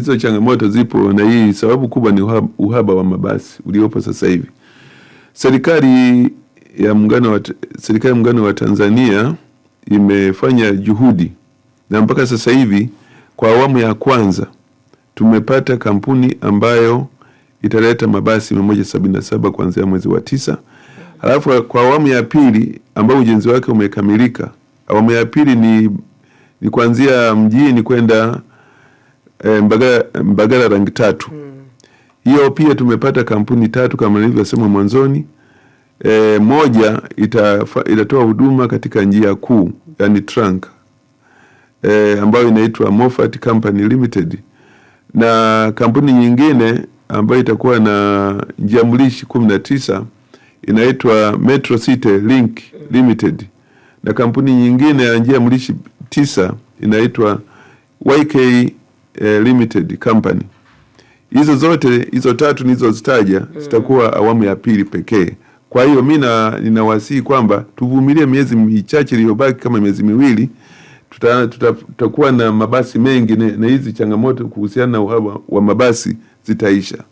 hizo changamoto zipo, na hii sababu kubwa ni uhaba, uhaba wa mabasi uliopo sasa hivi. Serikali ya muungano wa serikali ya muungano wa Tanzania imefanya juhudi na mpaka sasa hivi kwa awamu ya kwanza tumepata kampuni ambayo italeta mabasi saba kuanzia mwezi wa tisa. Halafu kwa awamu ya pili ambayo ujenzi wake umekamilika, awamu ya pili ni, ni kuanzia mjini kwenda e, Mbagala, Mbagala rangi tatu hmm. hiyo hmm. Pia tumepata kampuni tatu kama nilivyosema mwanzoni. E, moja itafa, itatoa huduma katika njia kuu yani trunk e, ambayo inaitwa Moffat Company Limited na kampuni nyingine ambayo itakuwa na njia mlishi kumi na tisa inaitwa Metro City Link Limited na kampuni nyingine ya njia mlishi tisa inaitwa YK eh, Limited Company. Hizo zote hizo tatu nilizozitaja mm. zitakuwa awamu ya pili pekee. Kwa hiyo mi ninawasihi kwamba tuvumilie miezi michache iliyobaki, kama miezi miwili, tutakuwa tuta, tuta na mabasi mengi na hizi changamoto kuhusiana na uhaba wa mabasi zitaisha.